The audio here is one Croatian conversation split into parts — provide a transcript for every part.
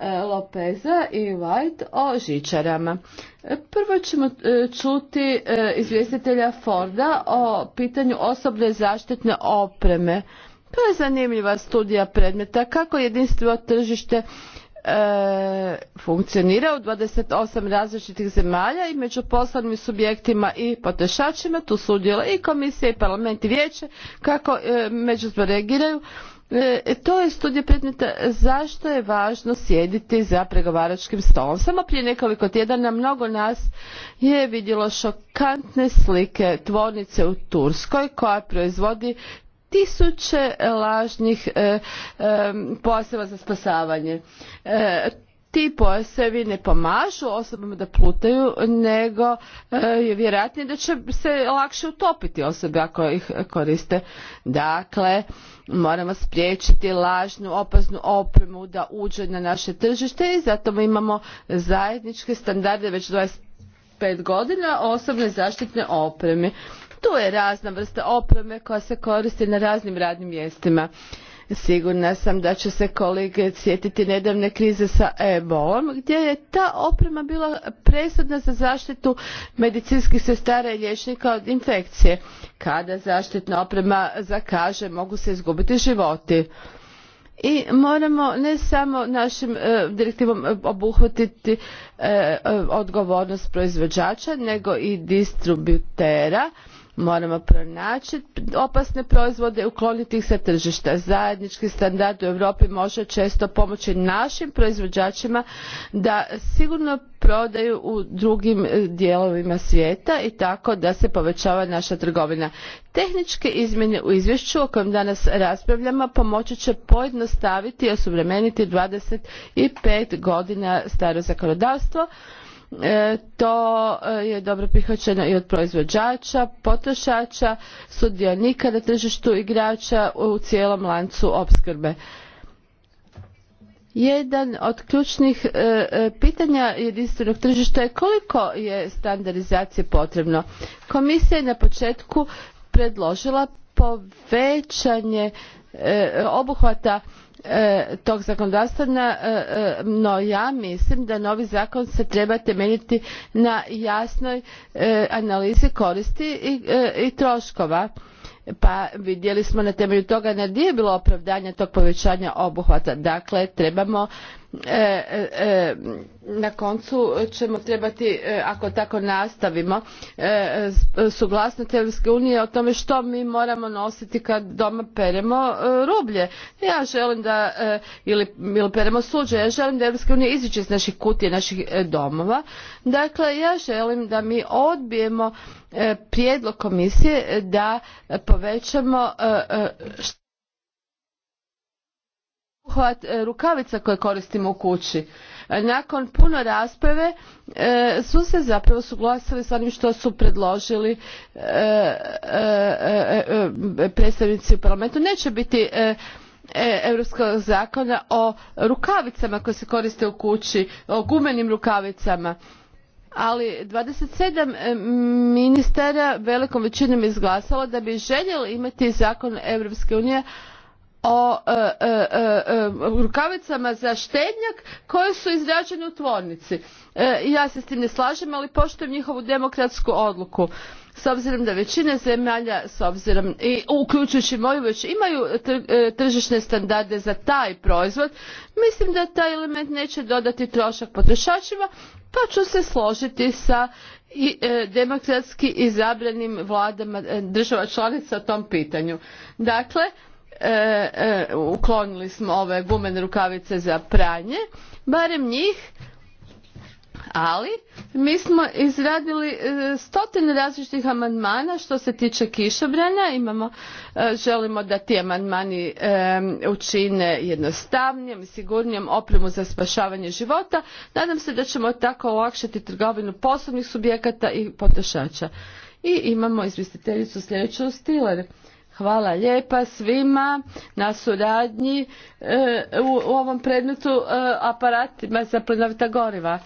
E, Lopeza i White o žičarama. Prvo ćemo e, čuti e, izvjestitelja Forda o pitanju osobne zaštitne opreme. To je zanimljiva studija predmeta kako jedinstvo tržište funkcionira u 28 različitih zemalja i među poslovnim subjektima i potrošačima tu sudjela i komisija i parlament i vijeće kako e, međusobno E, to je studija predmeta zašto je važno sjediti za pregovaračkim stolom. Samo prije nekoliko tjedana mnogo nas je vidjelo šokantne slike tvornice u Turskoj koja proizvodi tisuće lažnih e, e za spasavanje. E, ti pojasevi ne pomažu osobama da plutaju nego e, je vjerojatnije da će se lakše utopiti osobe ako ih koriste. Dakle, moramo spriječiti lažnu opasnu opremu da uđe na naše tržište i zato imamo zajedničke standarde već 25 godina osobne zaštitne opreme. Tu je razna vrsta opreme koja se koristi na raznim radnim mjestima. Sigurna sam da će se kolege sjetiti nedavne krize sa ebolom gdje je ta oprema bila presudna za zaštitu medicinskih sestara i liječnika od infekcije. Kada zaštitna oprema zakaže mogu se izgubiti životi i moramo ne samo našim e, direktivom obuhvatiti e, e, odgovornost proizvođača nego i distributera moramo pronaći opasne proizvode i ukloniti ih sa tržišta. zajednički standard u europi može često pomoći našim proizvođačima da sigurno prodaju u drugim eh, dijelovima svijeta i tako da se povećava naša trgovina. tehničke izmjene u izvješću o kojem danas raspravljamo pomoći će pojednostaviti i osuvremeniti dvadeset pet godina staro zakonodavstvo E, to e, je dobro prihvaćeno i od proizvođača potrošača sudionika na tržištu igrača u cijelom lancu opskrbe jedan od ključnih e, pitanja jedinstvenog tržišta je koliko je standardizacije potrebno komisija je na početku predložila povećanje obuhvata E, tog zakonodavstva e, e, no ja mislim da novi zakon se treba temeljiti na jasnoj analizi koristi i troškova pa vidjeli smo na temelju toga da nije bilo opravdanja tog povećanja obuhvata dakle trebamo E, e, e, na koncu ćemo trebati ako tako nastavimo suglasnost europske unije o tome što mi moramo nositi kad doma peremo rublje ja želim da ili, peremo suđe ja želim da europska unija iziđe iz naših kutija naših domova dakle ja želim da mi odbijemo prijedlog komisije da povećamo obuhvat e, rukavica koje koristimo u kući. E, nakon puno rasprave e, su se zapravo suglasili s onim što su predložili predstavnici u parlamentu. Neće biti europskog zakona o rukavicama koje se koriste u kući, o gumenim rukavicama ali 27 ministara velikom većinom izglasalo da bi željeli imati zakon europske unije o e, e, e, rukavicama za štednjak koje su izrađene u tvornici. ja se s tim ne slažem, ali poštujem njihovu demokratsku odluku. S obzirom da većina zemalja, s obzirom i uključujući moju već imaju tržišne standarde za taj proizvod, mislim da taj element neće dodati trošak potrošačima, pa ću se složiti sa i demokratski izabranim vladama država članica o tom pitanju. Dakle, E, e, uklonili smo ove gumene rukavice za pranje, barem njih, ali mi smo izradili e, stotine različitih amandmana što se tiče kišobranja. Imamo, želimo da ti amandmani učine jednostavnijem i sigurnijem opremu za spašavanje života. Nadam se da ćemo tako olakšati trgovinu poslovnih subjekata i potrošača. I imamo izvjestiteljicu sljedeću Stiler. Hvala lijepa svima na suradnji e, u ovom predmetu e, aparatima za plinovita goriva.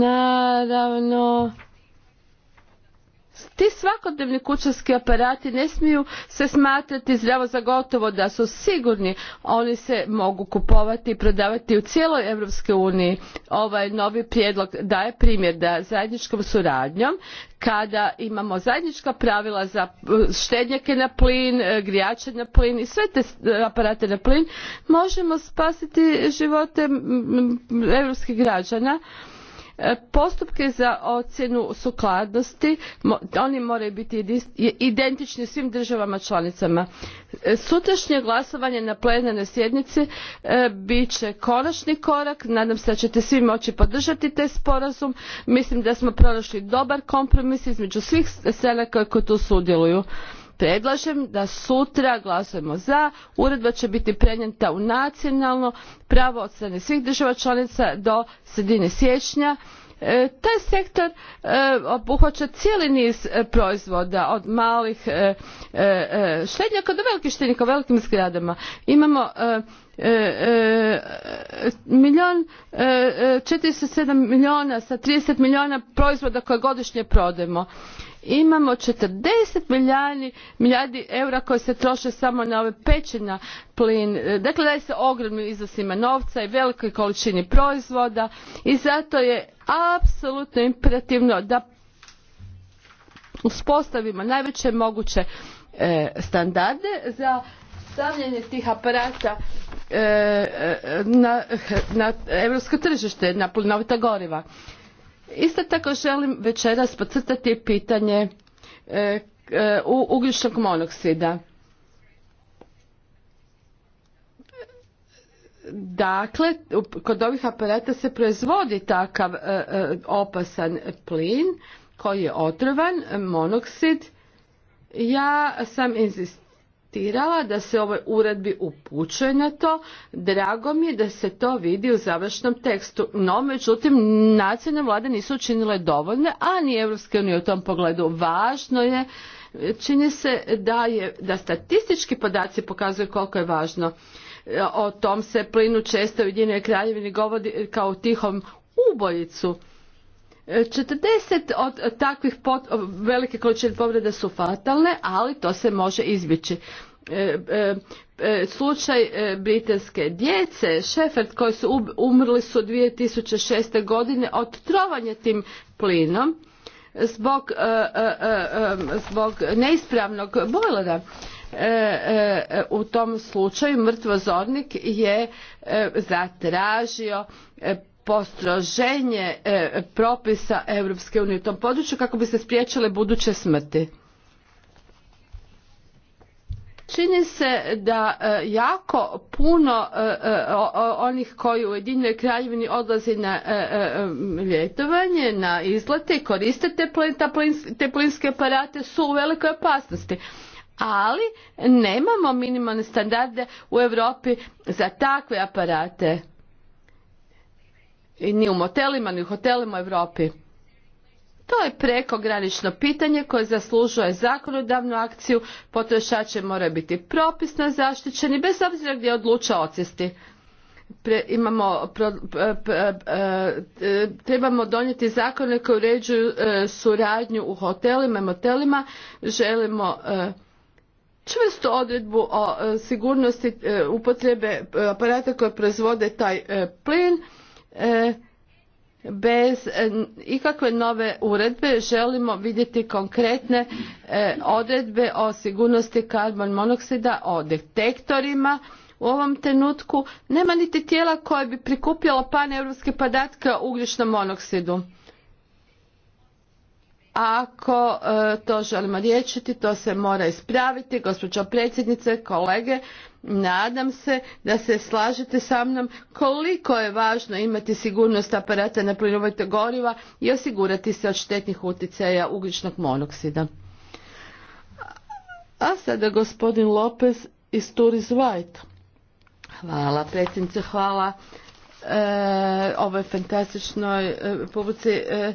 Naravno ti svakodnevni kućanski aparati ne smiju se smatrati zdravo za gotovo da su sigurni oni se mogu kupovati i prodavati u cijeloj europskoj uniji ovaj novi prijedlog daje primjer da zajedničkom suradnjom kada imamo zajednička pravila za e, štednjake na plin e, grijače na plin i sve te e, aparate na plin možemo spasiti živote europskih građana E, postupke za ocjenu sukladnosti oni moraju biti identični svim državama članicama. E, sutrašnje glasovanje na plenarnoj sjednici e, bit će konačni korak nadam se da ćete svi moći podržati taj sporazum mislim da smo pronašli dobar kompromis između svih stranaka koje tu sudjeluju predlažem da sutra glasujemo za uredba će biti prenijeta u nacionalno pravo od strane svih država članica do sredine siječnja e, taj sektor e, obuhvaća cijeli niz e, proizvoda od malih štednjaka do velikih štednjaka u velikim zgradama. Imamo milijun, sedam milijuna sa 30 milijuna proizvoda koje godišnje prodajemo imamo 40 milijardi, eura koje se troše samo na ove na plin. E, dakle, daje se ogromnim iznosima novca i velikoj količini proizvoda i zato je apsolutno imperativno da uspostavimo najveće moguće e, standarde za stavljanje tih aparata e, na, na europsko tržište na plinovita goriva Isto tako želim večeras podcrtati pitanje e, e, ugljičnog monoksida. Dakle, kod ovih aparata se proizvodi takav e, opasan plin koji je otrovan, monoksid. Ja sam inzistirala da se ovoj uredbi upućuje na to. Drago mi je da se to vidi u završnom tekstu. No, međutim, nacionalne vlade nisu učinile dovoljne, a ni EU unije u tom pogledu. Važno je, čini se da, je, da statistički podaci pokazuju koliko je važno. O tom se plinu često u Ujedinjenoj kraljevini govori kao tihom ubojicu 40 od takvih velike količine povreda su fatalne, ali to se može izbjeći. E, e, e, slučaj britanske djece, Šefert koji su umrli su 2006. godine od trovanja tim plinom zbog, zbog neispravnog bojlera. U tom slučaju mrtvozornik je zatražio postroženje e, propisa Europske unije u tom području kako bi se spriječile buduće smrti. Čini se da e, jako puno e, onih koji u Ujedinjenoj kraljevini odlazi na ljetovanje, na izlete i koriste te plinske aparate su u velikoj opasnosti ali nemamo minimalne standarde u Europi za takve aparate i ni u motelima, ni u hotelima u Europi. To je prekogranično pitanje koje zaslužuje zakonodavnu akciju, potrošači moraju biti propisno zaštićeni bez obzira gdje odluča ocesti imamo, e, trebamo donijeti zakone koji uređuju e, suradnju u hotelima i motelima. Želimo e, čvrstu odredbu o sigurnosti upotrebe aparata koje proizvode taj plin E, bez e, ikakve nove uredbe želimo vidjeti konkretne e, odredbe o sigurnosti karbon monoksida o detektorima u ovom trenutku nema niti tijela koje bi prikupljalo paneuropske podatke o ugljičnom monoksidu ako to želimo riješiti to se mora ispraviti gospođo predsjednice kolege nadam se da se slažete sa mnom koliko je važno imati sigurnost aparata na plinovite goriva i osigurati se od štetnih utjecaja ugljičnog monoksida. A sada gospodin Lopez iz Turis White. Hvala predsjednice, hvala e, ovoj fantastičnoj e, e,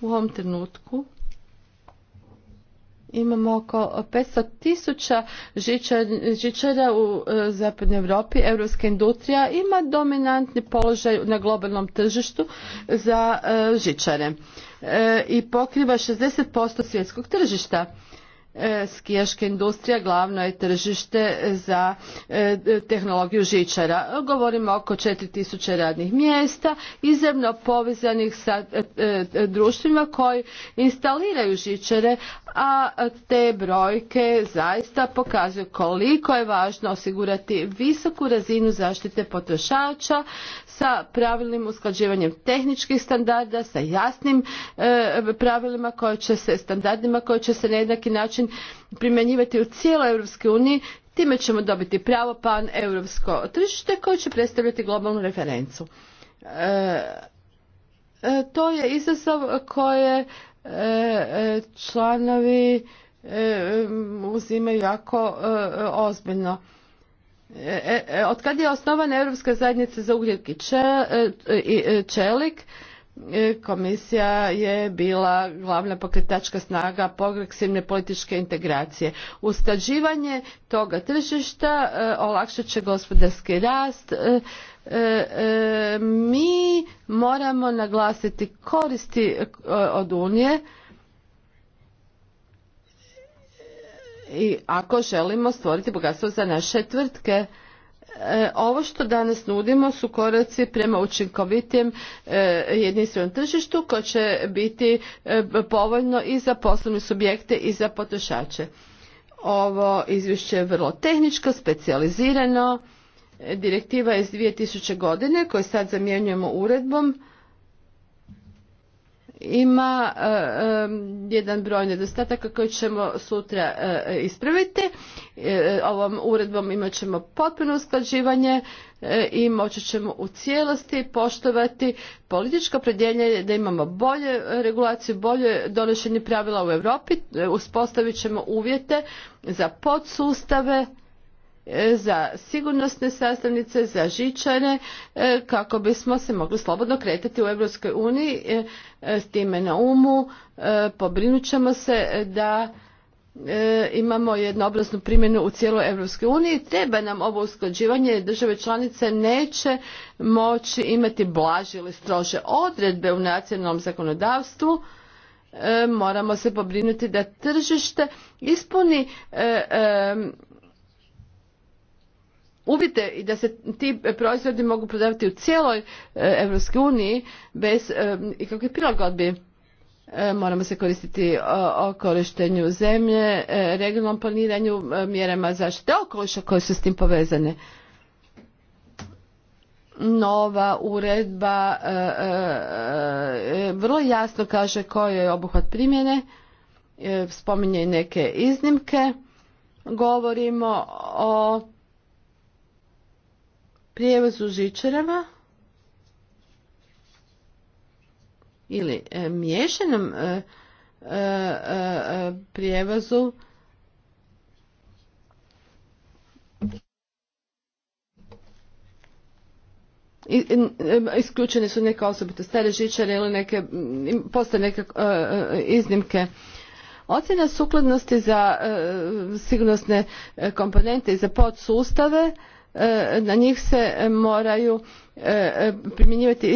u ovom trenutku imamo oko 500 tisuća žičara u e, zapadnoj Europi. Europska industrija ima dominantni položaj na globalnom tržištu za e, žičare e, i pokriva 60% svjetskog tržišta. E, skijaška industrija glavno je tržište za e, tehnologiju žičara. Govorimo oko 4000 radnih mjesta izravno povezanih sa e, društvima koji instaliraju žičare, a te brojke zaista pokazuju koliko je važno osigurati visoku razinu zaštite potrošača sa pravilnim usklađivanjem tehničkih standarda, sa jasnim pravilima koje će se, standardima koje će se na jednaki način način primjenjivati u cijeloj Europskoj uniji, time ćemo dobiti pravo pan europsko tržište koje će predstavljati globalnu referencu. E, e, to je izazov koje e, članovi uzimaju jako ozbiljno. Od kad je osnovana Europska zajednica za ugljik i čelik, E, komisija je bila glavna pokretačka snaga progresivne političke integracije. Usklađivanje toga tržišta e, olakšat će gospodarski rast. E, mi moramo naglasiti koristi od Unije i ako želimo stvoriti bogatstvo za naše tvrtke E, ovo što danas nudimo su koraci prema učinkovitijem e, jedinstvenom tržištu koje će biti e, povoljno i za poslovne subjekte i za potrošače. Ovo izvješće je vrlo tehničko, specijalizirano. Direktiva je iz 2000 godine koju sad zamjenjujemo uredbom ima e, e, jedan broj nedostataka koji ćemo sutra e, ispraviti. Ovom uredbom imat ćemo potpuno usklađivanje i moći ćemo u cijelosti poštovati političko predjeljenje da imamo bolje regulaciju, bolje donošenje pravila u Europi. Uspostavit ćemo uvjete za podsustave E, za sigurnosne sastavnice, za žičare, e, kako bismo se mogli slobodno kretati u Europskoj uniji. E, s time na umu pobrinut ćemo se da imamo jednoobraznu primjenu u cijeloj Europskoj uniji. Treba nam ovo usklađivanje države članice neće moći imati blaže ili strože odredbe u nacionalnom zakonodavstvu moramo se pobrinuti da tržište ispuni uvjete i da se ti proizvodi mogu prodavati u cijeloj Europskoj uniji bez e, ikakve prilagodbi. E, moramo se koristiti e, o, korištenju zemlje, regionalnom planiranju, mjerama zaštite okoliša koje su s tim povezane. Nova uredba vrlo jasno kaže koji je obuhvat primjene, spominje i neke iznimke. Govorimo o prijevoz u žičarama ili e, miješanom e, e, e prijevozu isključene su neke osobite stare žičare ili neke, mm, postoje neke iznimke. Ocjena sukladnosti za sigurnosne komponente i za podsustave E, na njih se moraju e, primjenjivati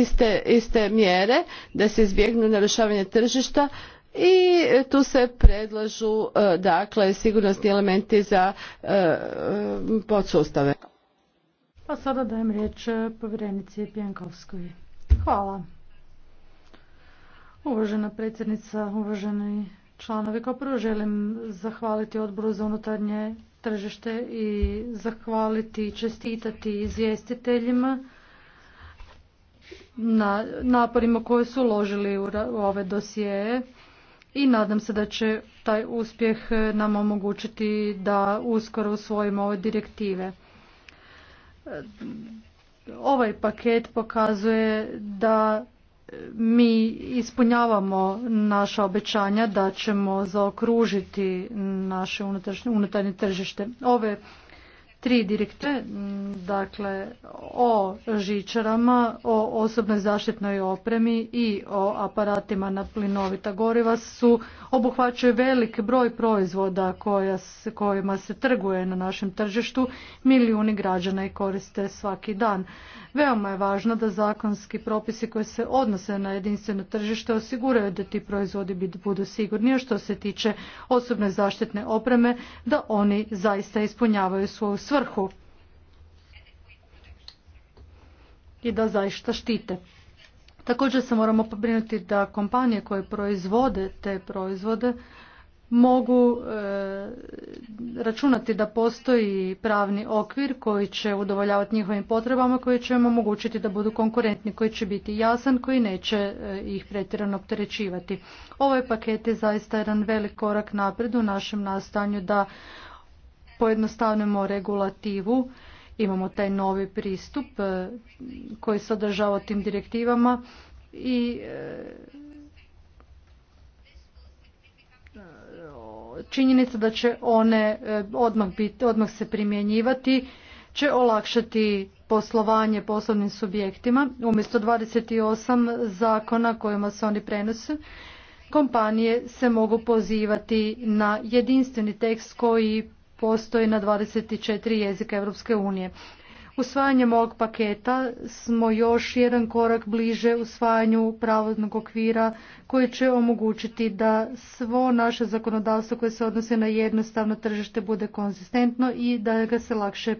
iste, mjere da se izbjegnu narušavanje tržišta i tu se predlažu e, dakle sigurnosni elementi za podsustave. Pa sada dajem riječ povjerenici Pjenkovskoj. Hvala. Uvažena predsjednica, uvaženi članovi, kao prvo želim zahvaliti odboru za unutarnje tržište i zahvaliti i čestitati izvjestiteljima na naporima koje su uložili u ove dosije i nadam se da će taj uspjeh nam omogućiti da uskoro usvojimo ove direktive. Ovaj paket pokazuje da mi ispunjavamo naša obećanja da ćemo zaokružiti naše unutarnje tržište. Ove tri direktive, mm, dakle o žičarama, o osobnoj zaštitnoj opremi i o aparatima na plinovita goriva su obuhvaćaju velik broj proizvoda koja, kojima se trguje na našem tržištu, milijuni građana i koriste svaki dan. Veoma je važno da zakonski propisi koji se odnose na jedinstveno tržište osiguraju da ti proizvodi budu sigurni, a što se tiče osobne zaštitne opreme, da oni zaista ispunjavaju svoju svrhu i da zaista štite. Također se moramo pobrinuti da kompanije koje proizvode te proizvode mogu e, računati da postoji pravni okvir koji će udovoljavati njihovim potrebama, koji će im omogućiti da budu konkurentni, koji će biti jasan, koji neće e, ih pretjerano opterećivati. Ovaj paket je zaista jedan velik korak napred u našem nastanju da pojednostavnemo regulativu, imamo taj novi pristup e, koji se održava tim direktivama i e, činjenica da će one e, odmah, biti, odmah se primjenjivati će olakšati poslovanje poslovnim subjektima. Umjesto 28 zakona kojima se oni prenose, kompanije se mogu pozivati na jedinstveni tekst koji postoji na 24 jezika Europske unije. Usvajanjem ovog paketa smo još jedan korak bliže usvajanju pravodnog okvira koji će omogućiti da svo naše zakonodavstvo koje se odnose na jednostavno tržište bude konzistentno i da ga se lakše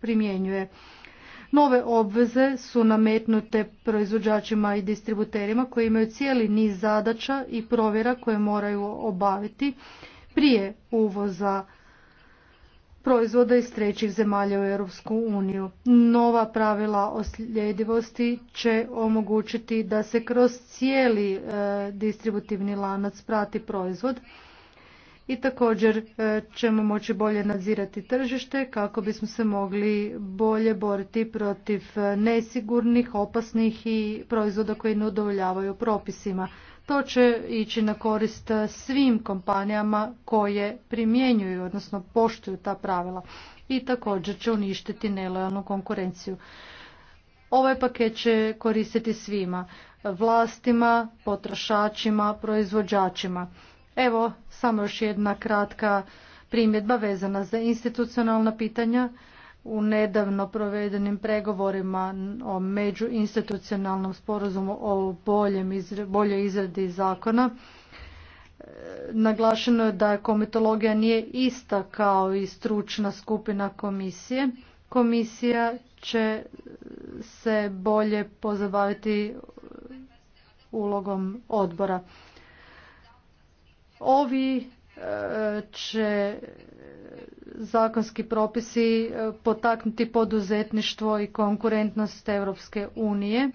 primjenjuje. Nove obveze su nametnute proizvođačima i distributerima koji imaju cijeli niz zadaća i provjera koje moraju obaviti prije uvoza proizvoda iz trećih zemalja u Europsku uniju. Nova pravila o sljedivosti će omogućiti da se kroz cijeli e, distributivni lanac prati proizvod i također e, ćemo moći bolje nadzirati tržište kako bismo se mogli bolje boriti protiv e, nesigurnih, opasnih i proizvoda koji ne udovoljavaju propisima. To će ići na korist svim kompanijama koje primjenjuju, odnosno poštuju ta pravila i također će uništiti nelojalnu konkurenciju. Ovaj paket će koristiti svima, vlastima, potrošačima, proizvođačima. Evo, samo još jedna kratka primjedba vezana za institucionalna pitanja u nedavno provedenim pregovorima o međuinstitucionalnom sporazumu o boljoj izradi zakona e, naglašeno je da komitologija nije ista kao i stručna skupina komisije. Komisija će se bolje pozabaviti ulogom odbora. Ovi će zakonski propisi e, potaknuti poduzetništvo i konkurentnost Europske unije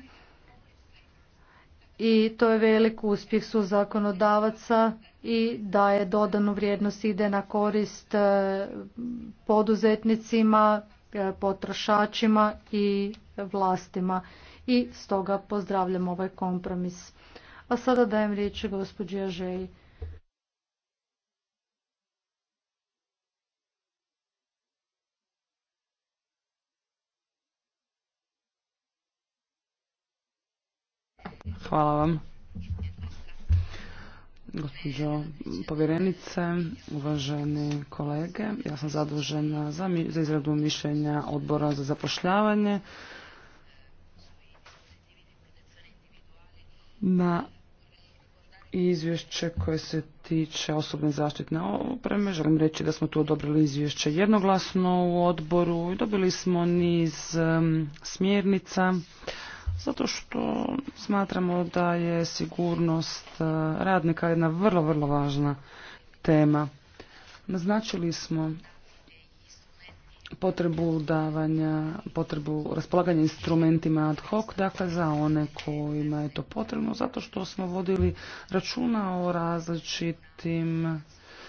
i to je velik uspjeh su zakonodavaca i daje dodanu vrijednost ide na korist e, poduzetnicima, e, potrošačima i vlastima i stoga pozdravljam ovaj kompromis. A sada dajem riječ gospođi Ažeji. Hvala vam. Gospođo povjerenice, uvaženi kolege, ja sam zadužena za, za izradu mišljenja odbora za zapošljavanje. Na izvješće koje se tiče osobne zaštitne opreme. Želim reći da smo tu odobrili izvješće jednoglasno u odboru i dobili smo niz smjernica zato što smatramo da je sigurnost e, radnika jedna vrlo, vrlo važna tema. Naznačili smo potrebu davanja, potrebu raspolaganja instrumentima ad hoc, dakle za one kojima je to potrebno, zato što smo vodili računa o različitim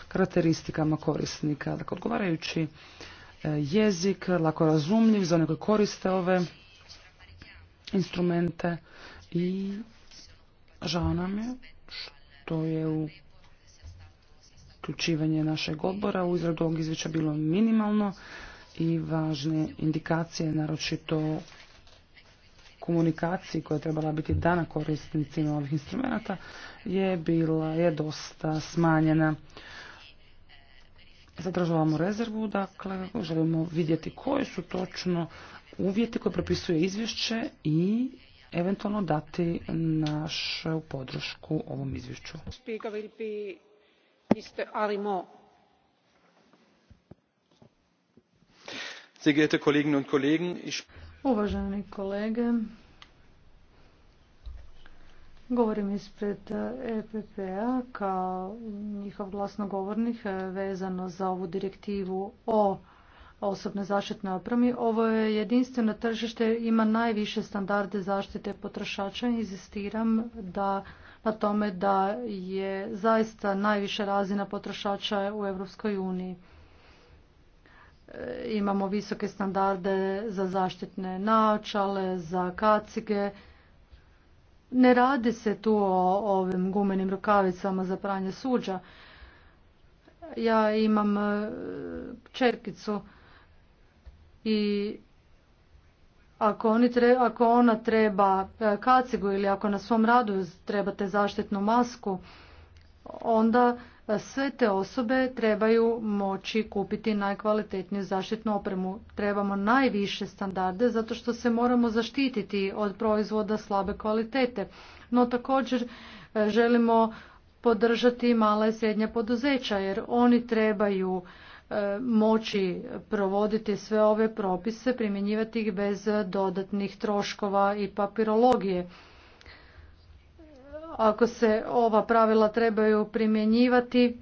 karakteristikama korisnika. Dakle, odgovarajući e, jezik, lako razumljiv za one koji koriste ove instrumente i žao nam je što je u uključivanje našeg odbora u izradu ovog izvješća bilo minimalno i važne indikacije, naročito komunikaciji koja je trebala biti dana korisnicima ovih instrumenta je bila je dosta smanjena. Zadržavamo rezervu, dakle želimo vidjeti koje su točno uvjete koje propisuje izvješće i eventualno dati našu podršku ovom izvješću. Uvaženi kolege, Govorim ispred EPP-a kao njihov glasnogovornik vezano za ovu direktivu o osobnoj zaštitnoj opremi. Ovo je jedinstveno tržište, ima najviše standarde zaštite potrošača. Inzistiram da na tome da je zaista najviša razina potrošača u Europskoj uniji. E, imamo visoke standarde za zaštitne naočale, za kacige. Ne radi se tu o ovim gumenim rukavicama za pranje suđa. Ja imam e, čerkicu i ako, oni tre, ako ona treba e, kacigu ili ako na svom radu trebate zaštitnu masku, onda e, sve te osobe trebaju moći kupiti najkvalitetniju zaštitnu opremu. Trebamo najviše standarde zato što se moramo zaštititi od proizvoda slabe kvalitete. No također e, želimo podržati mala i srednja poduzeća jer oni trebaju E, moći provoditi sve ove propise, primjenjivati ih bez dodatnih troškova i papirologije. Ako se ova pravila trebaju primjenjivati, e,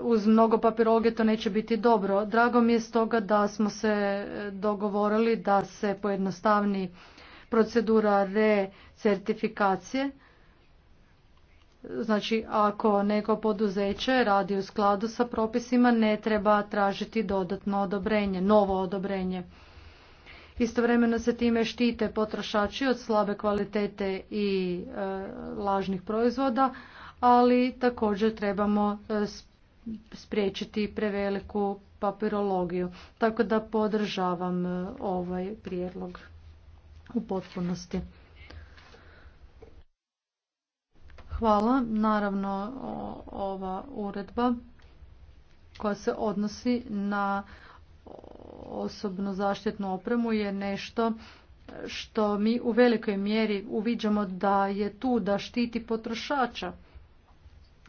uz mnogo papirologije to neće biti dobro. Drago mi je stoga da smo se dogovorili da se pojednostavni procedura recertifikacije Znači, ako neko poduzeće radi u skladu sa propisima, ne treba tražiti dodatno odobrenje, novo odobrenje. Istovremeno se time štite potrošači od slabe kvalitete i e, lažnih proizvoda, ali također trebamo e, spriječiti preveliku papirologiju. Tako da podržavam e, ovaj prijedlog u potpunosti. Hvala. Naravno, ova uredba koja se odnosi na osobno zaštitnu opremu je nešto što mi u velikoj mjeri uviđamo da je tu da štiti potrošača.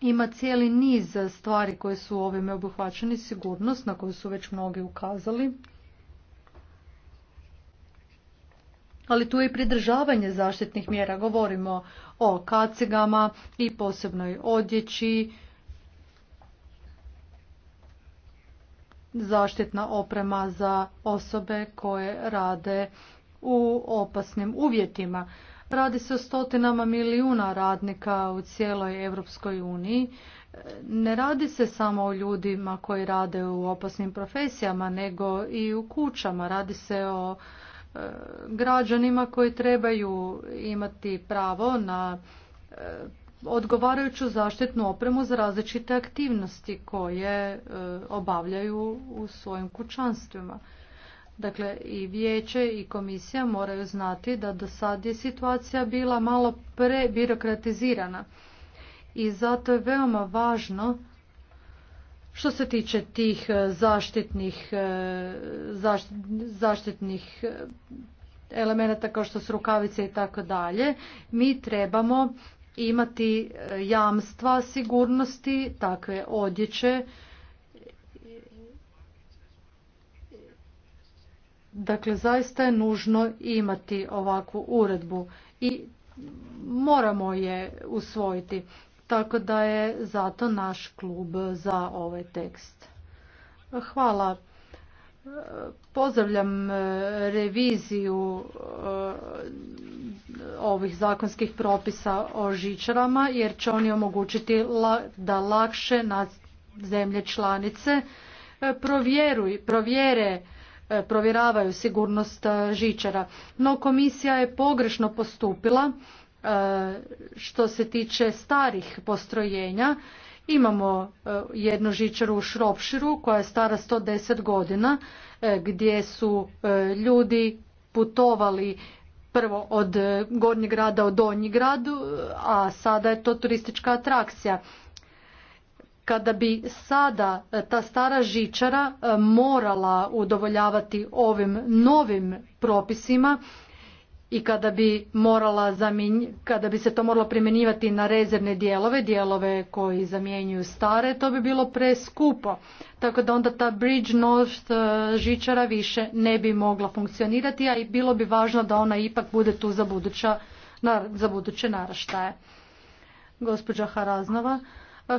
Ima cijeli niz stvari koje su ovime obuhvaćene, sigurnost na koju su već mnogi ukazali, ali tu je i pridržavanje zaštitnih mjera. Govorimo o kacigama i posebnoj odjeći, zaštitna oprema za osobe koje rade u opasnim uvjetima. Radi se o stotinama milijuna radnika u cijeloj Europskoj uniji. Ne radi se samo o ljudima koji rade u opasnim profesijama, nego i u kućama. Radi se o građanima koji trebaju imati pravo na e, odgovarajuću zaštitnu opremu za različite aktivnosti koje e, obavljaju u svojim kućanstvima. Dakle, i vijeće i komisija moraju znati da do sad je situacija bila malo prebirokratizirana i zato je veoma važno što se tiče tih e, zaštitnih, e, zaštitnih e, elemenata kao što su rukavice i tako dalje, mi trebamo imati jamstva sigurnosti takve odjeće Dakle, zaista je nužno imati ovakvu uredbu i moramo je usvojiti. Tako da je zato naš klub za ovaj tekst. Hvala. Pozdravljam e, reviziju e, ovih zakonskih propisa o žičarama jer će oni omogućiti da lakše na zemlje članice e, provjere provjeravaju sigurnost žičara. No komisija je pogrešno postupila E, što se tiče starih postrojenja. Imamo e, jednu žičaru u Šropširu koja je stara 110 godina e, gdje su ljudi putovali prvo od gornjeg grada u donji gradu, a sada je to turistička atrakcija. Kada bi sada ta stara žičara morala udovoljavati ovim novim propisima, i kada bi, morala kada bi se to moralo primjenjivati na rezervne dijelove, dijelove koji zamjenjuju stare, to bi bilo preskupo. Tako da onda ta Bridge North e, žičara više ne bi mogla funkcionirati, a i bilo bi važno da ona ipak bude tu za, buduća, za buduće naraštaje. Gospođa Haraznova.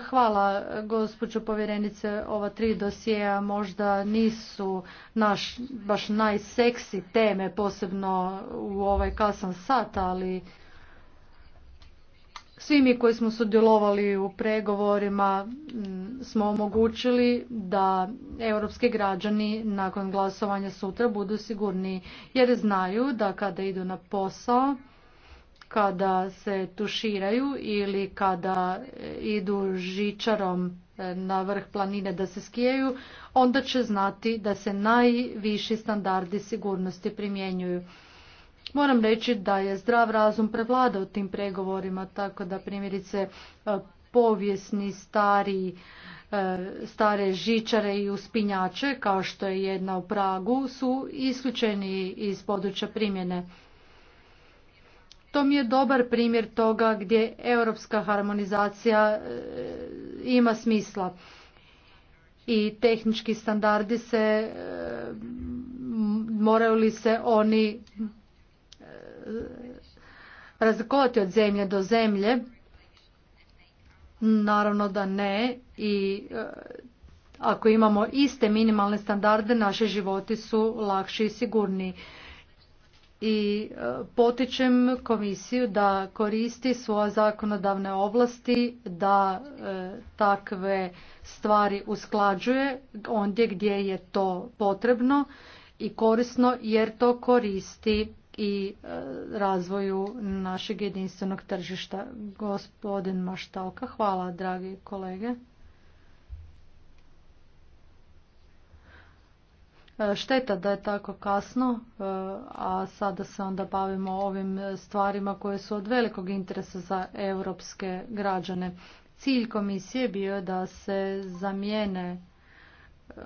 Hvala gospođo povjerenice, ova tri dosijeja možda nisu naš baš najseksi teme, posebno u ovaj kasan sat, ali svi mi koji smo sudjelovali u pregovorima smo omogućili da europski građani nakon glasovanja sutra budu sigurni jer znaju da kada idu na posao kada se tuširaju ili kada e, idu žičarom e, na vrh planine da se skijaju, onda će znati da se najviši standardi sigurnosti primjenjuju. Moram reći da je zdrav razum prevladao tim pregovorima, tako da primjerice e, povijesni stari stare žičare i uspinjače, kao što je jedna u Pragu, su isključeni iz područja primjene to mi je dobar primjer toga gdje europska harmonizacija e, ima smisla i tehnički standardi se e, moraju li se oni e, razlikovati od zemlje do zemlje naravno da ne i ako imamo iste minimalne standarde naše životi su lakši i sigurniji i e, potičem komisiju da koristi svoje zakonodavne ovlasti da e, takve stvari usklađuje ondje gdje je to potrebno i korisno jer to koristi i e, razvoju našeg jedinstvenog tržišta. Gospodin Maštalka, hvala dragi kolege. E, šteta da je tako kasno, e, a sada se onda bavimo ovim stvarima koje su od velikog interesa za europske građane. Cilj komisije bio je da se zamijene e,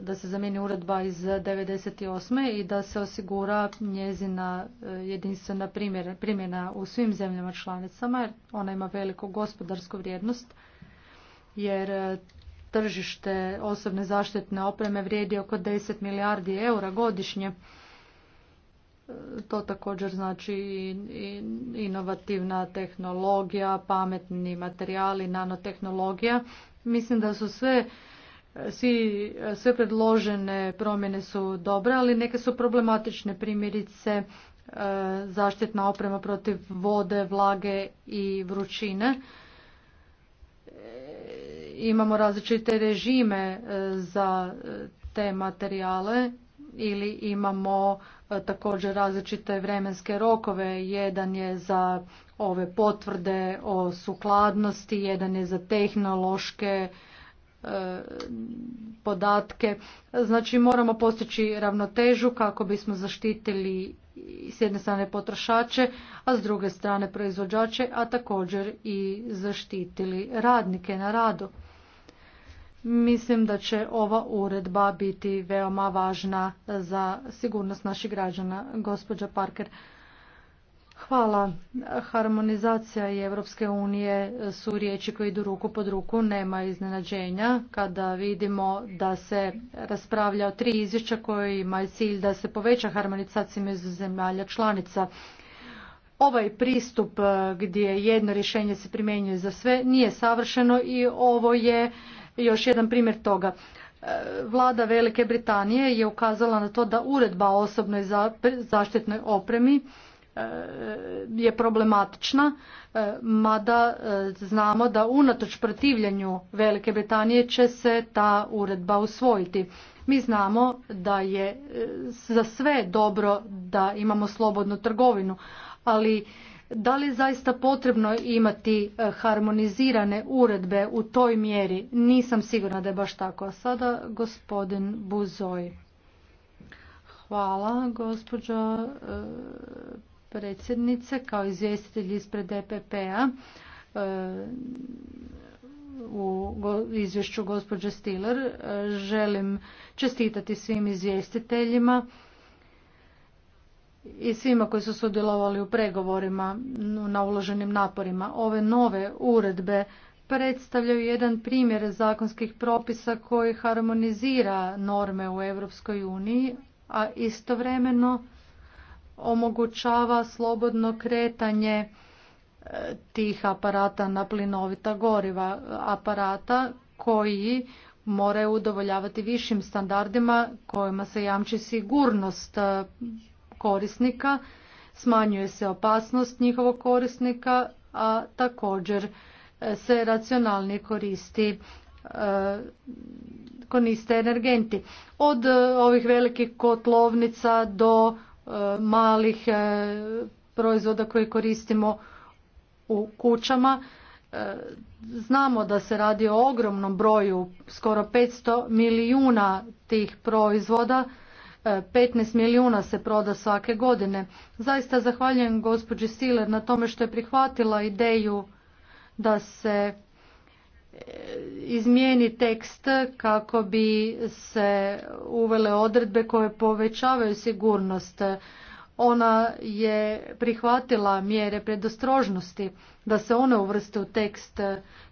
da se zamijeni uredba iz 98. i da se osigura njezina jedinstvena primjena u svim zemljama članicama jer ona ima veliku gospodarsku vrijednost jer tržište osobne zaštitne opreme vrijedi oko 10 milijardi eura godišnje. E, to također znači inovativna tehnologija, pametni materijali, nanotehnologija. Mislim da su sve svi, sve predložene promjene su dobre, ali neke su problematične primjerice e, zaštitna oprema protiv vode, vlage i vrućine imamo različite režime e, za e, te materijale ili imamo e, također različite vremenske rokove. Jedan je za ove potvrde o sukladnosti, jedan je za tehnološke podatke. Znači moramo postići ravnotežu kako bismo zaštitili s jedne strane potrošače, a s druge strane proizvođače, a također i zaštitili radnike na radu. Mislim da će ova uredba biti veoma važna za sigurnost naših građana. Gospođa Parker, Hvala. Harmonizacija i Evropske unije su riječi koje idu ruku pod ruku, nema iznenađenja kada vidimo da se raspravlja o tri izvješća koji ima cilj da se poveća harmonizacija među zemalja članica. Ovaj pristup eh, gdje jedno rješenje se primjenjuje za sve nije savršeno i ovo je još jedan primjer toga. E, Vlada Velike Britanije je ukazala na to da uredba o osobnoj zaštitnoj opremi e, je problematična, e, mada znamo da unatoč protivljenju Velike Britanije će se ta uredba usvojiti. Mi znamo da je za sve dobro da imamo slobodnu trgovinu, ali da li je zaista potrebno imati e, harmonizirane uredbe u toj mjeri? Nisam sigurna da je baš tako. A sada gospodin Buzoj. Hvala gospođo e, predsjednice kao izvjestitelj ispred DPP-a e u izvješću gospođe Stiller. Želim čestitati svim izvjestiteljima i svima koji su sudjelovali u pregovorima na uloženim naporima. Ove nove uredbe predstavljaju jedan primjer zakonskih propisa koji harmonizira norme u Europskoj uniji, a istovremeno omogućava slobodno kretanje e, tih aparata na plinovita goriva, aparata koji moraju udovoljavati višim standardima kojima se jamči sigurnost e, korisnika, smanjuje se opasnost njihovog korisnika, a također e, se racionalnije koristi e, koniste energenti. Od e, ovih velikih kotlovnica do malih proizvoda koje koristimo u kućama. Znamo da se radi o ogromnom broju, skoro 500 milijuna tih proizvoda 15 milijuna se proda svake godine. Zaista zahvaljujem gospođi Siler na tome što je prihvatila ideju da se e, izmijeni tekst kako bi se uvele odredbe koje povećavaju sigurnost. Ona je prihvatila mjere predostrožnosti da se one uvrste u tekst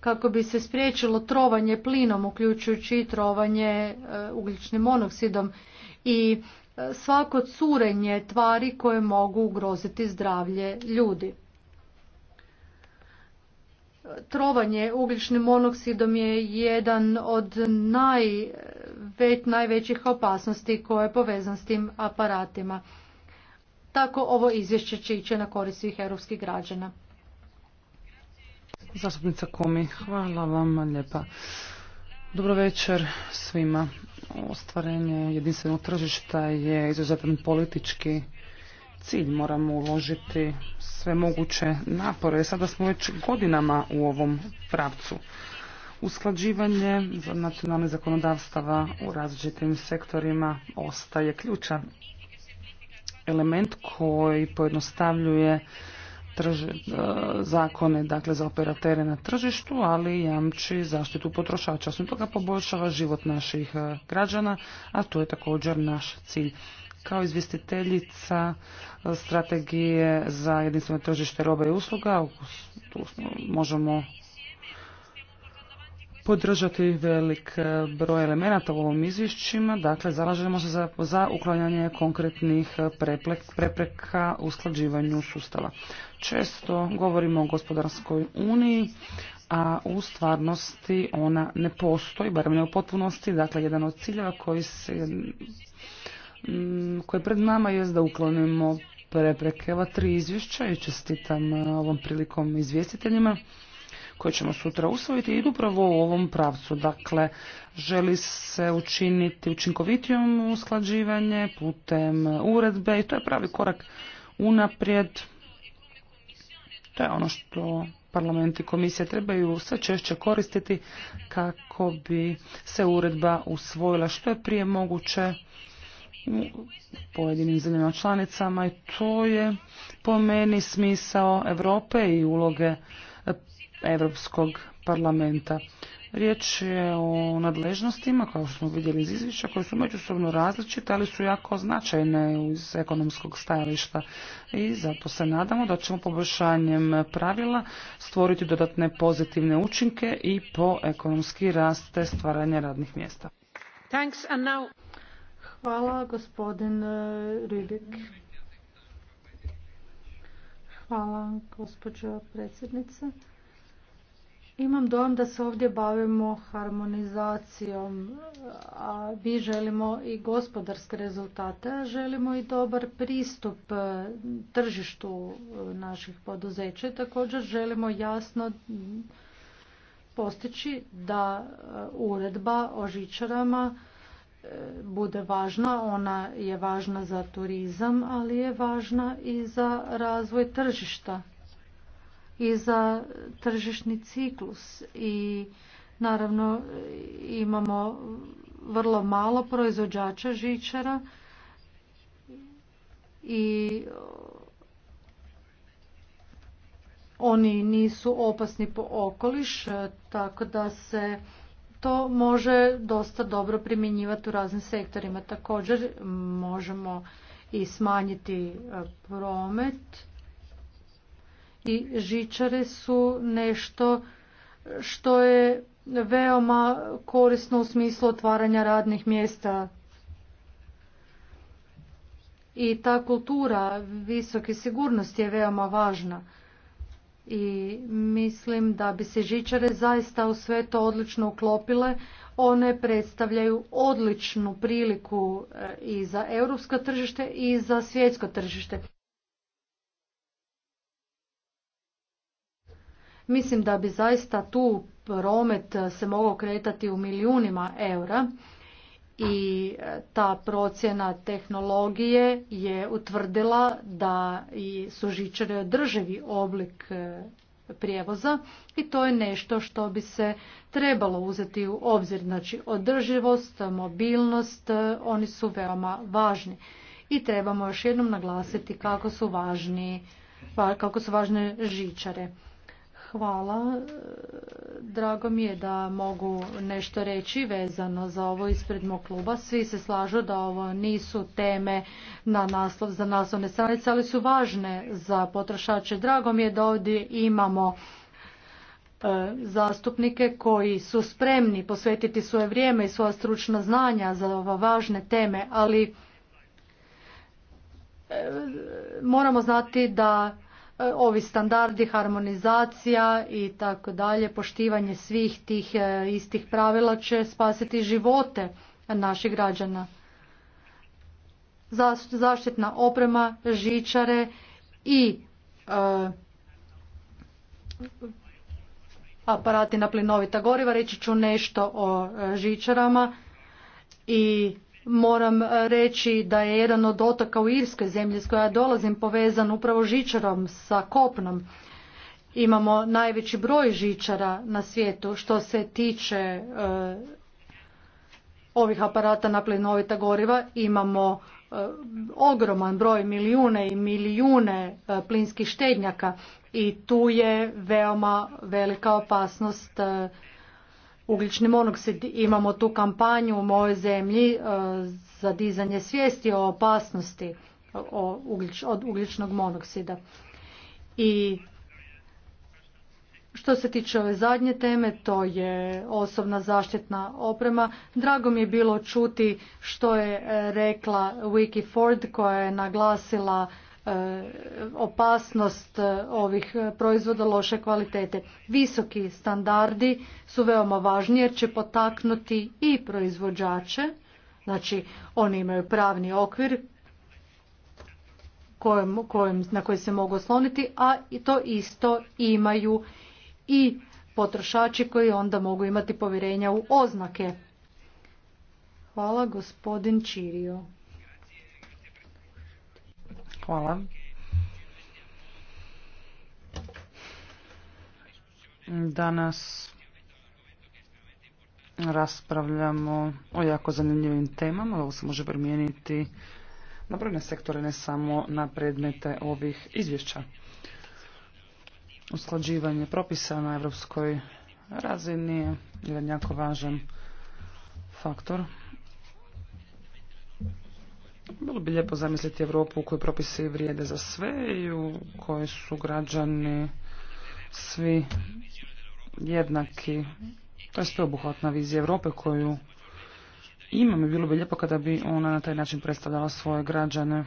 kako bi se spriječilo trovanje plinom uključujući i trovanje e, ugljičnim monoksidom i e, svako curenje tvari koje mogu ugroziti zdravlje ljudi. Trovanje ugljičnim monoksidom je jedan od najvećih opasnosti koje je povezan s tim aparatima. Tako ovo izvješće će ići na korist svih europskih građana. Zastupnica Komi, hvala vam lijepa. Dobro večer svima ostvarenje jedinstvenog tržišta je izuzetan politički cilj. Moramo uložiti sve moguće napore. Sada smo već godinama u ovom pravcu. Usklađivanje nacionalnih zakonodavstava u različitim sektorima ostaje ključan element koji pojednostavljuje E, zakone dakle, za operatere na tržištu, ali jamči zaštitu potrošača. Osim toga poboljšava život naših e, građana, a to je također naš cilj. Kao izvjestiteljica e, strategije za jedinstveno tržište robe i usluga, tu možemo podržati velik e, broj elemenata u ovom izvješćima, dakle zalažemo se za, za uklanjanje konkretnih e, prepreka usklađivanju sustava. Često govorimo o gospodarskoj uniji, a u stvarnosti ona ne postoji, barem ne u potpunosti, dakle jedan od ciljeva koji se koje pred nama je da uklonimo prepreke. Ova tri izvješća i čestitam e, ovom prilikom izvjestiteljima koje ćemo sutra usvojiti idu upravo u ovom pravcu. Dakle, želi se učiniti učinkovitijom usklađivanje putem uredbe i to je pravi korak unaprijed. To je ono što parlament i komisija trebaju sve češće koristiti kako bi se uredba usvojila što je prije moguće u pojedinim zemljama članicama i to je po meni smisao Europe i uloge Europskog parlamenta. Riječ je o nadležnostima, kao što smo vidjeli iz izvješća, koje su međusobno različite, ali su jako značajne iz ekonomskog stajališta. I zato se nadamo da ćemo poboljšanjem pravila stvoriti dodatne pozitivne učinke i po ekonomski rast te stvaranje radnih mjesta. Thanks Hvala gospodin e, Hvala gospođo predsjednice. Imam dojam da se ovdje bavimo harmonizacijom, a mi želimo i gospodarske rezultate, želimo i dobar pristup e, tržištu e, naših poduzeća. Također želimo jasno postići da e, uredba o žičarama bude važna. Ona je važna za turizam, ali je važna i za razvoj tržišta i za tržišni ciklus i naravno imamo vrlo malo proizvođača žičara i oni nisu opasni po okoliš, tako da se to može dosta dobro primjenjivati u raznim sektorima. Također možemo i smanjiti e, promet i žičare su nešto što je veoma korisno u smislu otvaranja radnih mjesta. I ta kultura visoke sigurnosti je veoma važna. I mislim da bi se žičare zaista u sve to odlično uklopile. One predstavljaju odličnu priliku e, i za europsko tržište i za svjetsko tržište. Mislim da bi zaista tu promet se mogao kretati u milijunima eura i e, ta procjena tehnologije je utvrdila da i su žičare održivi oblik e, prijevoza i to je nešto što bi se trebalo uzeti u obzir. Znači održivost, mobilnost, e, oni su veoma važni. I trebamo još jednom naglasiti kako su kako su važne žičare. Hvala. E, drago mi je da mogu nešto reći vezano za ovo ispred mog kluba. Svi se slažu da ovo nisu teme na naslov za naslovne stranice, ali su važne za potrošače. Drago mi je da ovdje imamo e, zastupnike koji su spremni posvetiti svoje vrijeme i svoja stručna znanja za ova važne teme, ali e, moramo znati da E, ovi standardi, harmonizacija i tako dalje, poštivanje svih tih e, istih pravila će spasiti živote naših građana. Zaštitna oprema, žičare i e, aparati na plinovita goriva. Reći ću nešto o žičarama i Moram e, reći da je jedan od otoka u Irskoj zemlji s koja dolazim povezan upravo žičarom sa kopnom. Imamo najveći broj žičara na svijetu što se tiče e, ovih aparata na plinovita goriva. Imamo e, ogroman broj milijune i milijune plinskih štednjaka i tu je veoma velika opasnost ugljični monoksid. Imamo tu kampanju u mojoj zemlji e, za dizanje svijesti o opasnosti od ugljičnog monoksida. I što se tiče ove zadnje teme, to je osobna zaštitna oprema. Drago mi je bilo čuti što je rekla Wiki Ford koja je naglasila opasnost e, ovih proizvoda loše kvalitete. Visoki standardi su veoma važni jer će potaknuti i proizvođače, znači oni imaju pravni okvir na koji se mogu osloniti, a to isto imaju i potrošači koji onda mogu imati povjerenja u oznake. Hvala gospodin Čirio. Hvala. Danas raspravljamo o jako zanimljivim temama. Ovo se može primijeniti na brojne sektore, ne samo na predmete ovih izvješća. Usklađivanje propisa na evropskoj razini je jedan jako važan faktor. Bilo bi lijepo zamisliti Europu u kojoj propisi vrijede za sve i u kojoj su građani svi jednaki. To je sveobuhvatna vizija Europe koju imam i bilo bi lijepo kada bi ona na taj način predstavljala svoje građane.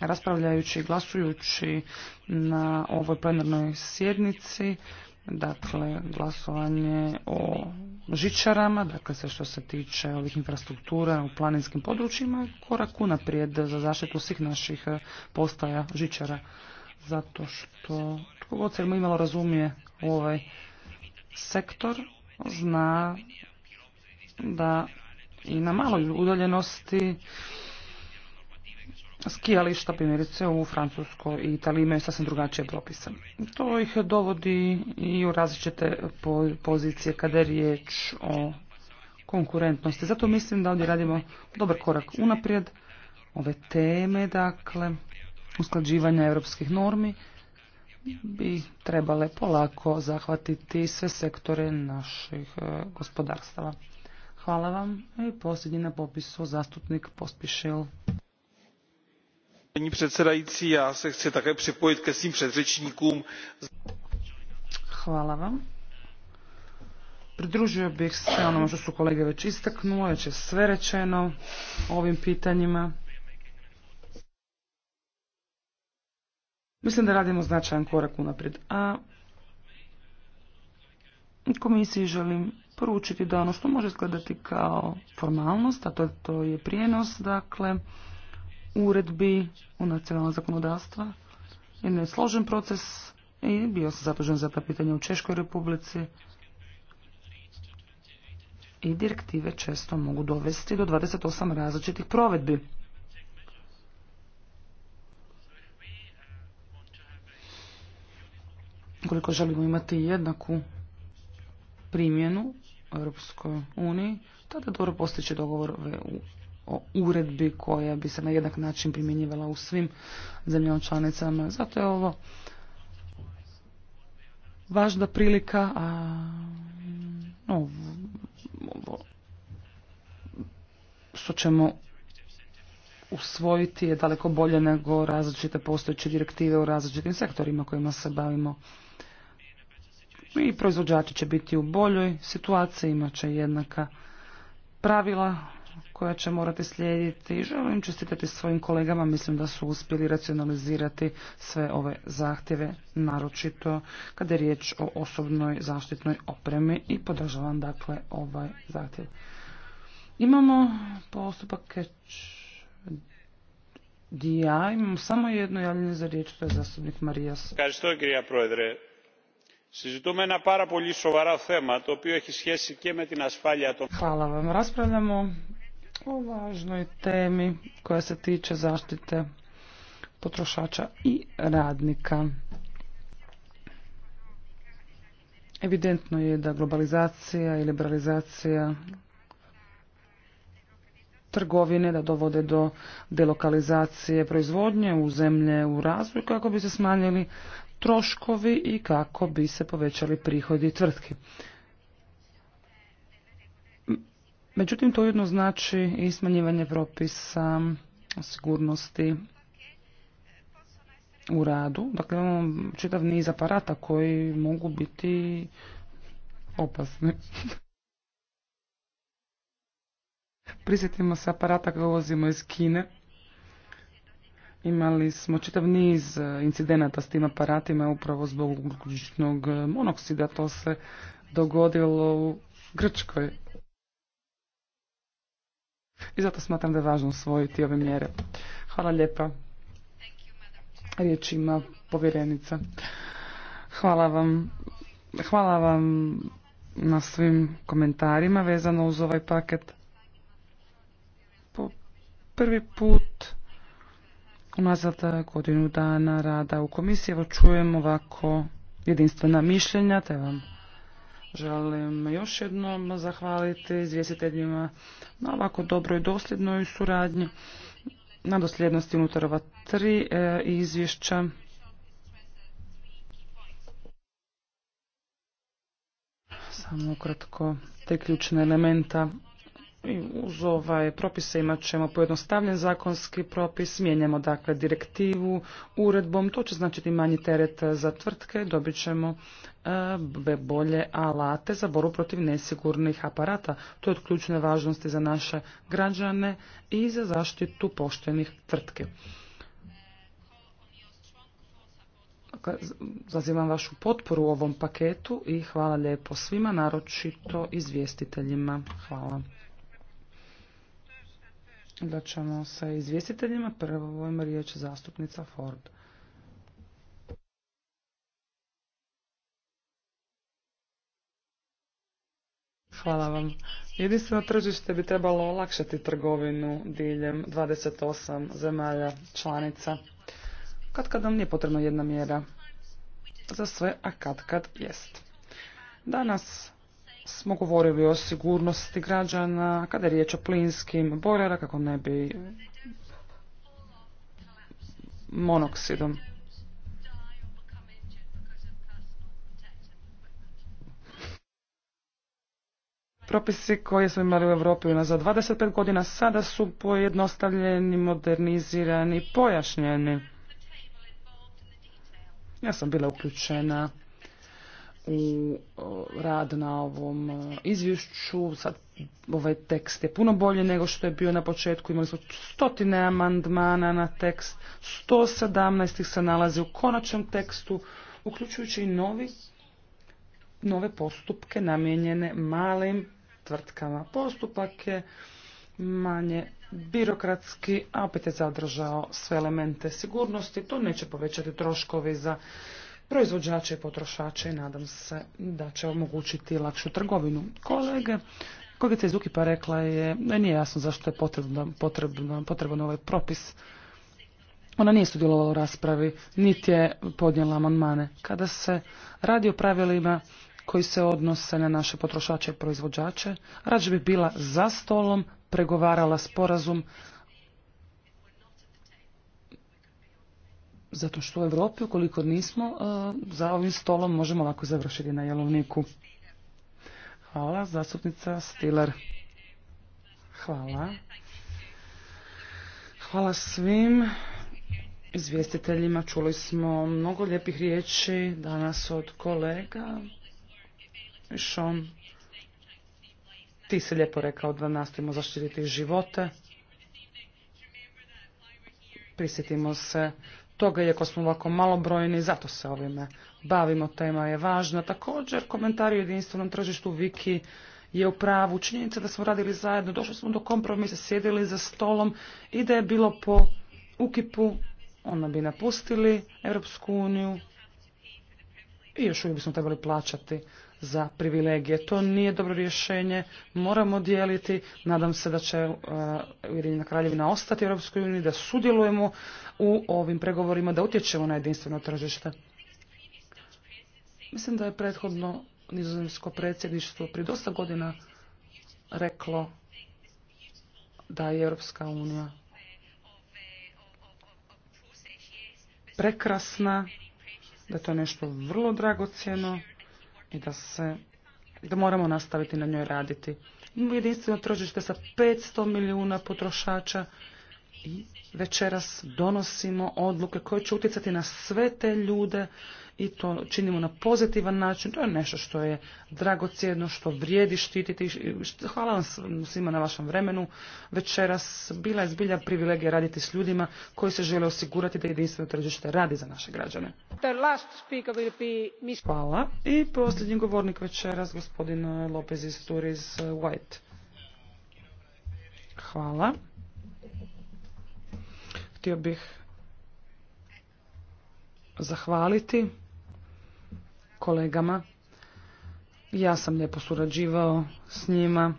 Raspravljajući i glasujući na ovoj plenarnoj sjednici, dakle glasovanje o žičarama, dakle sve što se tiče ovih infrastruktura u planinskim područjima, korak unaprijed za zaštitu svih naših e, postaja žičara. Zato što tko god se imalo razumije ovaj sektor, zna da i na maloj udaljenosti skijališta, primjerice u Francuskoj i Italiji imaju sasvim drugačije propise. To ih dovodi i u različite pozicije kada je riječ o konkurentnosti. Zato mislim da ovdje radimo dobar korak unaprijed ove teme, dakle, usklađivanja europskih normi bi trebale polako zahvatiti sve sektore naših e, gospodarstava. Hvala vam i posljednji na popisu zastupnik Pospišil paní předsedající já se chci také připojit ke předřečníkům. Hvala vam. Pridružio bih se onome što su kolege već istaknule, već je sve rečeno o ovim pitanjima. Mislim da radimo značajan korak unaprijed. A komisiji želim poručiti da ono što može izgledati kao formalnost, a to, to je prijenos, dakle, uredbi u nacionalno zakonodavstva. Jedan je složen proces i bio sam zadužen za ta pitanja u Češkoj republici. I direktive često mogu dovesti do 28 različitih provedbi. Koliko želimo imati jednaku primjenu u Europskoj uniji, tada dobro postići dogovor u o uredbi koja bi se na jednak način primjenjivala u svim zemljama članicama. Zato je ovo važna prilika, a što ćemo usvojiti je daleko bolje nego različite postojeće direktive u različitim sektorima kojima se bavimo. I proizvođači će biti u boljoj situaciji, imat će jednaka pravila koja će morati slijediti. i Želim čestitati svojim kolegama, mislim da su uspjeli racionalizirati sve ove zahtjeve, naročito kada je riječ o osobnoj zaštitnoj opremi i podržavam dakle ovaj zahtjev. Imamo postupak ja imam samo jedno javljanje za riječ, to je zastupnik Marijas. Ευχαριστώ što je Συζητούμε ένα Hvala vam. Raspravljamo o važnoj temi koja se tiče zaštite potrošača i radnika. Evidentno je da globalizacija i liberalizacija trgovine da dovode do delokalizacije proizvodnje u zemlje u razvoju kako bi se smanjili troškovi i kako bi se povećali prihodi tvrtki. Međutim, to ujedno znači i smanjivanje propisa o sigurnosti u radu. Dakle, imamo čitav niz aparata koji mogu biti opasni. Prisjetimo se aparata koji vozimo iz Kine. Imali smo čitav niz e, incidenata s tim aparatima upravo zbog ugljičnog monoksida. To se dogodilo u Grčkoj. I zato smatram da je važno usvojiti ove mjere. Hvala lijepa. Riječ ima povjerenica. Hvala vam. Hvala vam na svim komentarima vezano uz ovaj paket. Po prvi put unazad godinu dana rada u komisiji. Evo čujem ovako jedinstvena mišljenja, te vam Želim još jednom zahvaliti izvjestiteljima na ovako dobroj dosljednoj suradnji, na dosljednosti unutar ova tri e, izvješća. Samo ukratko te ključne elementa uz ovaj propise imat ćemo pojednostavljen zakonski propis, mijenjamo dakle direktivu uredbom, to će značiti manji teret za tvrtke, dobit ćemo e, bolje alate za boru protiv nesigurnih aparata. To je od ključne važnosti za naše građane i za zaštitu poštenih tvrtki. Dakle, zazivam vašu potporu u ovom paketu i hvala lijepo svima, naročito izvjestiteljima. Hvala da ćemo sa izvjestiteljima prvo ima riječ zastupnica Ford. Hvala vam. Jedinstveno tržište bi trebalo olakšati trgovinu diljem 28 zemalja članica. Kad kad nam nije potrebna jedna mjera za sve, a kad kad jest. Danas smo govorili o sigurnosti građana, kada je riječ o plinskim bojlera, kako ne bi monoksidom. Propisi koje smo imali u Europi za 25 godina sada su pojednostavljeni, modernizirani, pojašnjeni. Ja sam bila uključena u rad na ovom e, izvješću. Sad ovaj tekst je puno bolji nego što je bio na početku. Imali smo stotine amandmana na tekst. 117 ih se nalazi u konačnom tekstu, uključujući i novi, nove postupke namijenjene malim tvrtkama. Postupak je manje birokratski, a opet je zadržao sve elemente sigurnosti. To neće povećati troškovi za proizvođače i potrošače i nadam se da će omogućiti lakšu trgovinu. Kolege, kolegica iz Ukipa rekla je, e, nije jasno zašto je potrebno, potrebno, potreban ovaj propis. Ona nije sudjelovala u raspravi, niti je podnijela amandmane. Kada se radi o pravilima koji se odnose na naše potrošače i proizvođače, rađe bi bila za stolom, pregovarala sporazum zato što u Europi, ukoliko nismo, e, za ovim stolom možemo lako završiti na jelovniku. Hvala, zastupnica Stiler. Hvala. Hvala svim izvjestiteljima. Čuli smo mnogo lijepih riječi danas od kolega. Sean, ti si lijepo rekao da nastavimo zaštititi živote. Prisjetimo se toga, iako smo ovako malobrojni, zato se ovime bavimo, tema je važna. Također, komentari u jedinstvenom tržištu Viki je u pravu. Činjenica da smo radili zajedno, došli smo do kompromisa, sjedili za stolom i da je bilo po ukipu, onda bi napustili Europsku uniju, i još uvijek bismo trebali plaćati za privilegije. To nije dobro rješenje, moramo dijeliti, nadam se da će uh, Ujedinjena kraljevina ostati u Europskoj uniji, da sudjelujemo u ovim pregovorima, da utječemo na jedinstveno tržište. Mislim da je prethodno nizozemsko predsjedništvo prije dosta godina reklo da je Europska unija prekrasna, da je to nešto vrlo dragocjeno i da se da moramo nastaviti na njoj raditi. Imamo jedinstveno tržište sa 500 milijuna potrošača i večeras donosimo odluke koje će utjecati na sve te ljude i to činimo na pozitivan način. To je nešto što je dragocjedno, što vrijedi štititi. Hvala vam svima na vašem vremenu. Večeras bila je zbilja privilegija raditi s ljudima koji se žele osigurati da jedinstveno tržište radi za naše građane. Hvala. I posljednji govornik večeras, gospodin Lopez turiz uh, White. Hvala. Htio bih zahvaliti kolegama. Ja sam lijepo surađivao s njima.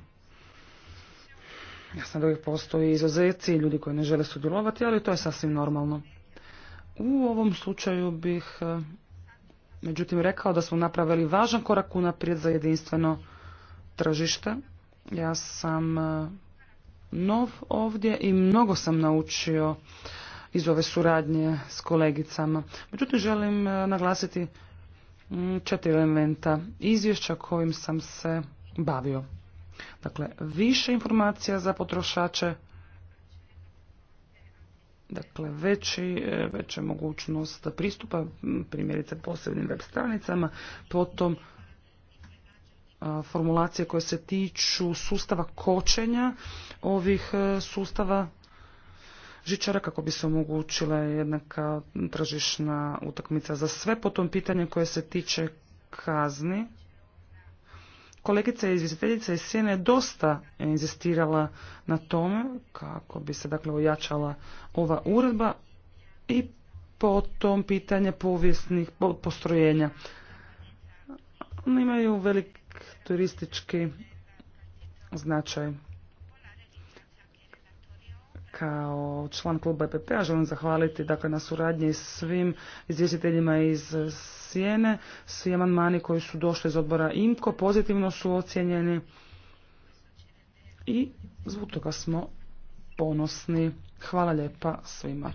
Ja sam da uvijek postoji izuzeci i ljudi koji ne žele sudjelovati, ali to je sasvim normalno. U ovom slučaju bih e, međutim rekao da smo napravili važan korak unaprijed za jedinstveno tržište. Ja sam e, nov ovdje i mnogo sam naučio iz ove suradnje s kolegicama. Međutim, želim e, naglasiti Mm, četiri elementa izvješća kojim sam se bavio. Dakle, više informacija za potrošače, dakle veći, e, veća mogućnost pristupa, primjerice posebnim web stranicama, potom formulacije koje se tiču sustava kočenja ovih e, sustava žičara kako bi se omogućila jednaka tržišna utakmica za sve. Potom pitanje koje se tiče kazni. Kolegica je izvjestiteljica iz Sjene dosta inzistirala na tome kako bi se dakle ojačala ova uredba i potom pitanje povijesnih postrojenja. Oni imaju velik turistički značaj kao član kluba EPP-a želim zahvaliti dakle, na suradnji svim izvjestiteljima iz Sjene. Svi amandmani koji su došli iz odbora IMKO pozitivno su ocijenjeni i zbog toga smo ponosni. Hvala lijepa svima.